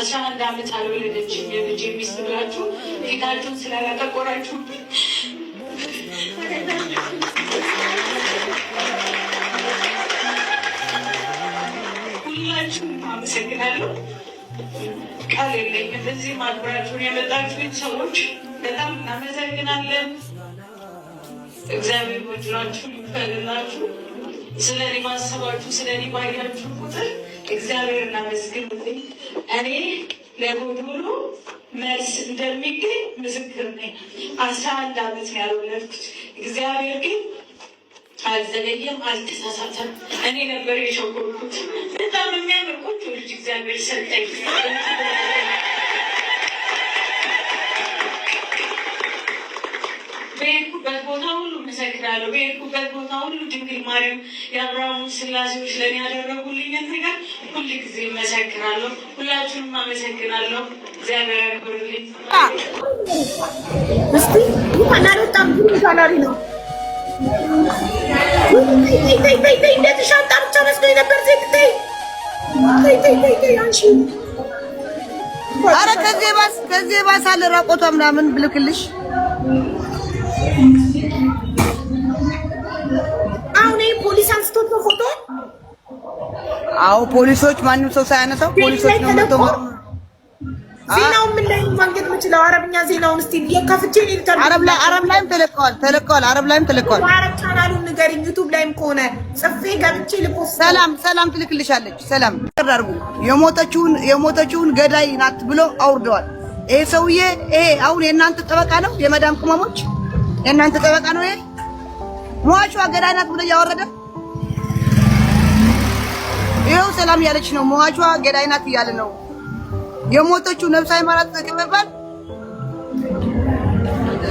አስራ አንድ ዓመት አልወለደችም የልጅ ሚስት ብላችሁ ፊታችሁን ስላላጠቆራችሁብኝ ሁላችሁም አመሰግናለሁ። ቃል የለኝም። እዚህ ማክበራችሁን የመጣችሁኝ ሰዎች በጣም እናመሰግናለን። እግዚአብሔር ወድራችሁ ይፈልላችሁ። ስለ እኔ ማሰባችሁ፣ ስለ እኔ ባያችሁ ቁጥር እግዚአብሔርን አመስግኑልኝ። እኔ ለጉድ ሁሉ መልስ እንደሚገኝ ምስክር ነኝ። አስራ አንድ ዓመት ነው ያልወለድኩት። እግዚአብሔር ግን አልዘለየም፣ አልተሳሳተም። እኔ ነበር የሸጎልኩት። በጣም የሚያምር ቆንጆ ልጅ እግዚአብሔር ሰጠኝ። ቦታ ሁሉ መሰግዳለሁ። በሄድኩበት ቦታ ሁሉ ድንግል ማርያም የአብርሃሙ ስላሴዎች ለእኔ ያደረጉልኝን ነገር ሁል ጊዜ መሰግናለሁ። ሁላችሁንም አመሰግናለሁ። እግዚአብሔር ያክብርልኝ። እስቲ አላልወጣም ግን ጋላሪ ነው እንደተሻጣ ብቻ መስሎኝ ነበር። ዜትታይ አንቺ አረ ከዚህ ባስ ከዚህ ባስ አለ ራቆቷ ምናምን ብልክልሽ አሁን ይሄ ፖሊስ አንስቶት ነው ፎቶ። አዎ ፖሊሶች፣ ማንም ሰው ሳያነሳው ፖሊሶች ነው መጥቶ ዜናው ምን ላይ ማግኘት የምችለው? አረብኛ ዜናውን እስቲ የከፍቼ ልከር። አረብ ላይ አረብ ላይም ተለቀዋል ተለቀዋል። አረብ ላይም ተለቀዋል። አረብ ቻናሉን ንገሪኝ። ዩቲዩብ ላይም ከሆነ ጽፌ ገብቼ ልፖስት። ሰላም ሰላም ትልክልሻለች። ሰላም አድርጉ። የሞተችውን የሞተችውን ገዳይ ናት ብሎ አውርደዋል። ይሄ ሰውዬ ይሄ አሁን የእናንተ ጠበቃ ነው የመዳም ቅመሞች የእናንተ ጠበቃ ነው ይሄ? ሟቹ ገዳይ ናት ብሎ እያወረደ ይኸው ሰላም እያለች ነው። ሟቿ ገዳይ ናት እያለ ነው። የሞተቹ ነፍስ ሃይማኖት ተቀበባል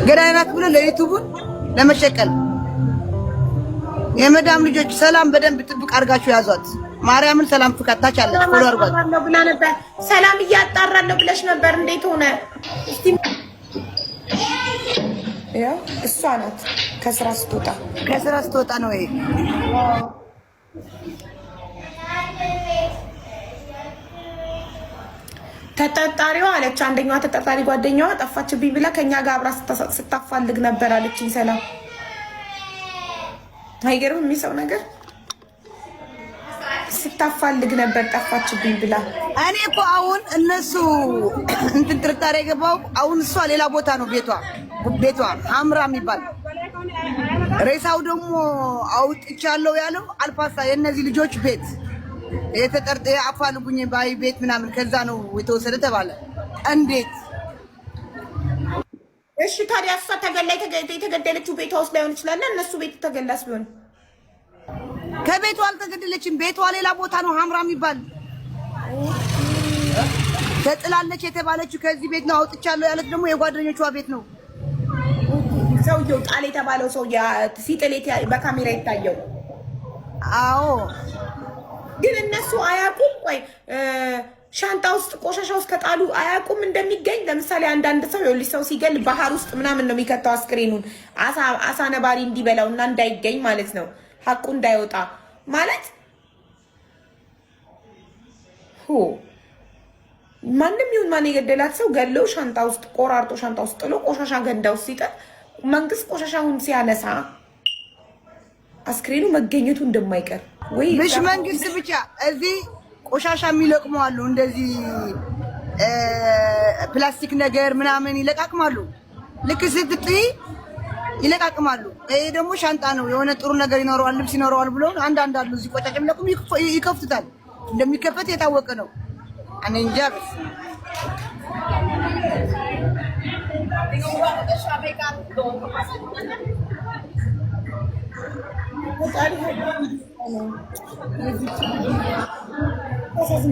ገዳይ ናት ብሎ ለመሸቀል የመዳም ልጆች ሰላም በደንብ ጥብቅ አድርጋችሁ ያዟት። ማርያምን ሰላም ፍካታች አለች። ፎሎ አርጓት። ሰላም እያጣራለሁ ብለሽ ነበር፣ እንዴት ሆነ? ያው እሷ ናት ከስራ ስትወጣ ከስራ ስትወጣ ነው። ይሄ ተጠርጣሪዋ አለች። አንደኛዋ ተጠርጣሪ ጓደኛዋ ጠፋችብኝ ብላ ከኛ ጋር አብራ ስታፋልግ ነበር አለችኝ። ሰላም አይገርም የሚሰው ነገር ስታፋልግ ነበር ጠፋችብኝ ብላ። እኔ እኮ አሁን እነሱ እንትን ጥርጣሬ የገባው አሁን እሷ ሌላ ቦታ ነው ቤቷ ቤቷ ሀምራ የሚባል ሬሳው ደግሞ አውጥቻለሁ ያለው አልፋሳ የእነዚህ ልጆች ቤት የተጠርጠ አፋልጉኝ ባይ ቤት ምናምን ከዛ ነው የተወሰደ ተባለ። እንዴት? እሺ ታዲያ እሷ ተገላ የተገደለችው ቤቷ ውስጥ ላይሆን ይችላል። እነሱ ቤት ተገላስ ቢሆን ከቤቷ አልተገደለችም። ቤቷ ሌላ ቦታ ነው ሀምራ የሚባል ተጥላለች የተባለችው ከዚህ ቤት ነው አውጥቻለሁ ያለት ደግሞ የጓደኞቿ ቤት ነው። ሰውየው ጣል የተባለው ሰው ሲጥል በካሜራ ይታየው። አዎ፣ ግን እነሱ አያውቁም። ቆይ ሻንጣ ውስጥ ቆሻሻ ውስጥ ከጣሉ አያውቁም እንደሚገኝ። ለምሳሌ አንዳንድ ሰው የወልጅ ሰው ሲገል ባህር ውስጥ ምናምን ነው የሚከተው አስክሬኑን አሳ ነባሪ እንዲበላው እና እንዳይገኝ ማለት ነው፣ ሀቁ እንዳይወጣ ማለት ማንም ይሁን ማን የገደላት ሰው ገለው ሻንጣ ውስጥ ቆራርጦ ሻንጣ ውስጥ ጥሎ ቆሻሻ ገንዳ ውስጥ ሲጠል መንግስት ቆሻሻውን ሲያነሳ አስክሬኑ መገኘቱ እንደማይቀር ወይ ብሽ መንግስት ብቻ እዚህ ቆሻሻ የሚለቅመዋሉ እንደዚህ ፕላስቲክ ነገር ምናምን ይለቃቅማሉ። ልክ ስትጥይ ይለቃቅማሉ። ይሄ ደግሞ ሻንጣ ነው የሆነ ጥሩ ነገር ይኖረዋል፣ ልብስ ይኖረዋል ብሎ አንዳንድ አሉ እዚህ ቆሻሻ የሚለቅሙ ይከፍቱታል። እንደሚከፈት የታወቀ ነው። እኔ እንጃ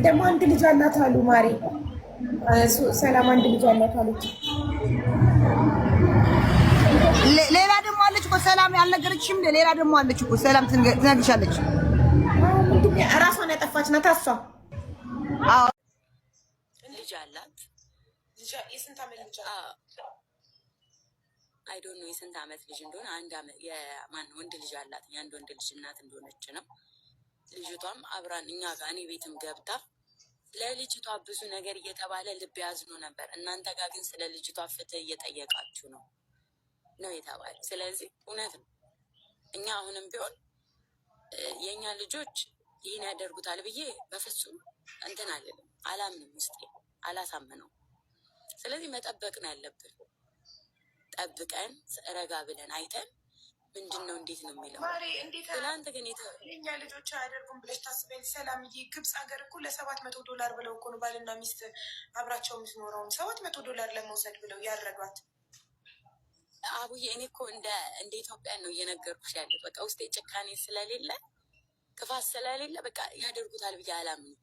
ደግሞ አንድ ልጅ አላት አሉ ማሬ ሰላም አንድ ልጅ አላት አለች። ሌላ ደግሞ አለች እኮ ሰላም ያልነገረችሽም። ሌላ ደግሞ አለች እኮ ሰላም ትነግርሻለች። እራሷን ያጠፋች ናት። እሷ ልጅ አላት አይዶን ነው የስንት ዓመት ልጅ እንደሆነ አንድ የማን ወንድ ልጅ አላት የአንድ ወንድ ልጅ እናት እንደሆነች ነው። ልጅቷም አብራን እኛ ጋር እኔ ቤትም ገብታ ለልጅቷ ብዙ ነገር እየተባለ ልብ ያዝኖ ነበር። እናንተ ጋር ግን ስለ ልጅቷ ፍትህ እየጠየቃችሁ ነው ነው የተባለ። ስለዚህ እውነት ነው። እኛ አሁንም ቢሆን የእኛ ልጆች ይህን ያደርጉታል ብዬ በፍጹም እንትን አልልም፣ አላምንም፣ ውስጤ አላሳምነው። ስለዚህ መጠበቅ ነው ያለብን። ጠብቀን ረጋ ብለን አይተን ምንድን ነው እንዴት ነው የሚለው። ትናንት ግን የኛ ልጆች አያደርጉም ብለሽ ሰላም ሰላምዬ ግብፅ ሀገር እኮ ለሰባት መቶ ዶላር ብለው እኮ ነው ባልና ሚስት አብራቸው የምትኖረውን ሰባት መቶ ዶላር ለመውሰድ ብለው ያረዷት። አቡዬ እኔ እኮ እንደ ኢትዮጵያ ነው እየነገርኩሽ ያለ በቃ ውስጤ ጭካኔ ስለሌለ ክፋት ስለሌለ በቃ ያደርጉታል ብዬ አላምንም።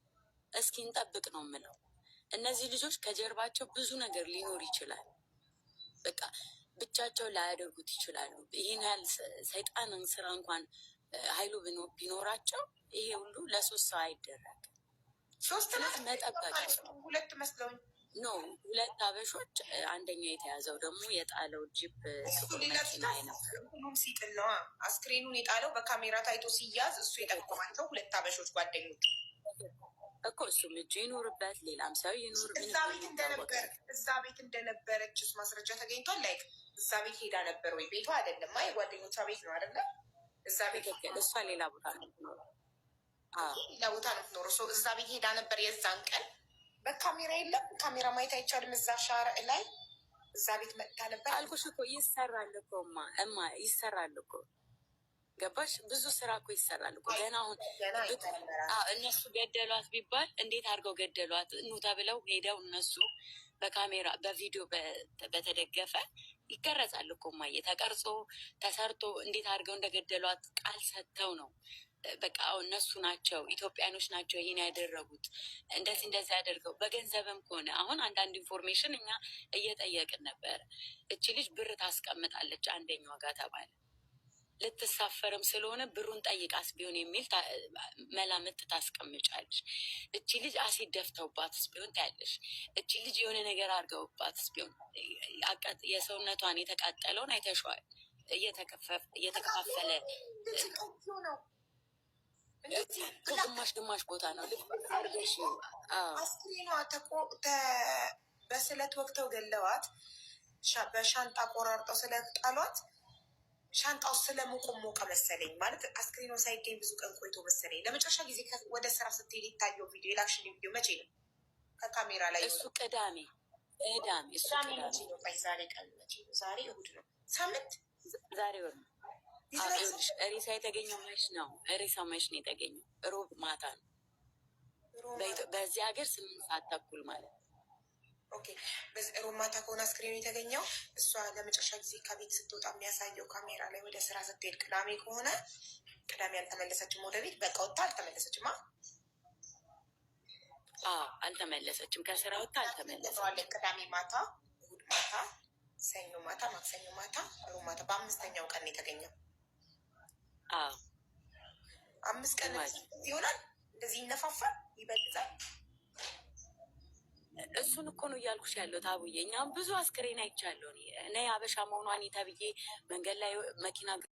እስኪ እንጠብቅ ነው የምለው። እነዚህ ልጆች ከጀርባቸው ብዙ ነገር ሊኖር ይችላል በቃ ብቻቸው ላያደርጉት ይችላሉ። ይህን ያህል ሰይጣንን ስራ እንኳን ሀይሉ ቢኖራቸው ይሄ ሁሉ ለሶስት ሰው አይደረግ ሶስት መጠበቅ ሁለት መስለውኝ ኖ ሁለት አበሾች፣ አንደኛው የተያዘው ደግሞ የጣለው ጅብ ጂፕ ሲጥል ነው። አስክሬኑን የጣለው በካሜራ ታይቶ ሲያዝ እሱ የጠቆማቸው ሁለት አበሾች ጓደኞች እኮ እሱም ልጁ ይኖርበት ሌላም ሰው ይኖር እዛ ቤት እንደነበር እዛ ቤት እንደነበረችስ ማስረጃ ተገኝቷል። ላይክ እዛ ቤት ሄዳ ነበር ወይ? ቤቷ አይደለም፣ አይ ጓደኞቿ ቤት ነው አይደለ? እዛ ቤት እሷ ሌላ ቦታ ነው ሌላ ቦታ ነው ትኖረ። እዛ ቤት ሄዳ ነበር የዛን ቀን በካሜራ የለም፣ ካሜራ ማየት አይቻልም። እዛ ሻር ላይ እዛ ቤት መጥታ ነበር አልኩሽ እኮ ይሰራል እኮ እማ እማ ይሰራል እኮ ገባሽ? ብዙ ስራ እኮ ይሰራል ገና አሁን እነሱ ገደሏት ቢባል እንዴት አድርገው ገደሏት ኑታ ብለው ሄደው እነሱ በካሜራ በቪዲዮ በተደገፈ ይቀረጻል እኮ ማየ ተቀርጾ ተሰርቶ እንዴት አድርገው እንደገደሏት ቃል ሰጥተው ነው። በቃ እነሱ ናቸው ኢትዮጵያኖች ናቸው ይህን ያደረጉት እንደዚህ እንደዚህ ያደርገው በገንዘብም ከሆነ አሁን አንዳንድ ኢንፎርሜሽን እኛ እየጠየቅን ነበረ። እች ልጅ ብር ታስቀምጣለች አንደኛዋ ጋር ተባለ ልትሳፈርም ስለሆነ ብሩን ጠይቃስ ቢሆን የሚል መላምት ታስቀምጫለሽ። እቺ ልጅ አሲድ ደፍተውባትስ ቢሆን ታያለሽ። እቺ ልጅ የሆነ ነገር አድርገውባትስ ቢሆን የሰውነቷን የተቃጠለውን አይተሸዋል። እየተከፋፈለ ግማሽ ግማሽ ቦታ ነው አስክሬኗ በስለት ወቅተው ገለዋት፣ በሻንጣ ቆራርጠው ስለት ጣሏት። ሻንጣው ስለሞቆ ሞቀ መሰለኝ። ማለት አስክሪኖ ሳይገኝ ብዙ ቀን ቆይቶ መሰለኝ። ለመጨረሻ ጊዜ ወደ ስራ ስትሄድ የታየው ቪዲዮ የላክሽን ቪዲዮ መቼ ነው? ከካሜራ ላይ እሱ ቅዳሜ ቅዳሜ ቅዳሜ መቼ ነው? ቆይ ዛሬ ቀን መቼ ነው? ዛሬ እሑድ ነው። ሳምንት ዛሬ ወር ነው። ሬሳ የተገኘው መች ነው? ሬሳ መች ነው የተገኘው? ሮብ ማታ ነው። በዚህ ሀገር ስምንት ሰዓት ተኩል ማለት ነው። ኦኬ ሮማታ ከሆነ አስክሬኑ የተገኘው እሷ ለመጨረሻ ጊዜ ከቤት ስትወጣ የሚያሳየው ካሜራ ላይ ወደ ስራ ስትሄድ ቅዳሜ ከሆነ ቅዳሜ አልተመለሰችም ወደ ቤት። በቃ ወጥታ አልተመለሰችም። አልተመለሰችም፣ ከስራ ወጥታ አልተመለሰችም። ቅዳሜ ማታ፣ እሑድ ማታ፣ ሰኞ ማታ፣ ማክሰኞ ማታ፣ ሮማታ በአምስተኛው ቀን የተገኘው አምስት ቀን ይሆናል። እንደዚህ ይነፋፋል፣ ይበልጣል። እሱን እኮ ነው እያልኩሽ ያለው ታቡዬ። እኛም ብዙ አስክሬን አይቻለሁ እኔ አበሻ መሆኗን ተብዬ መንገድ ላይ መኪና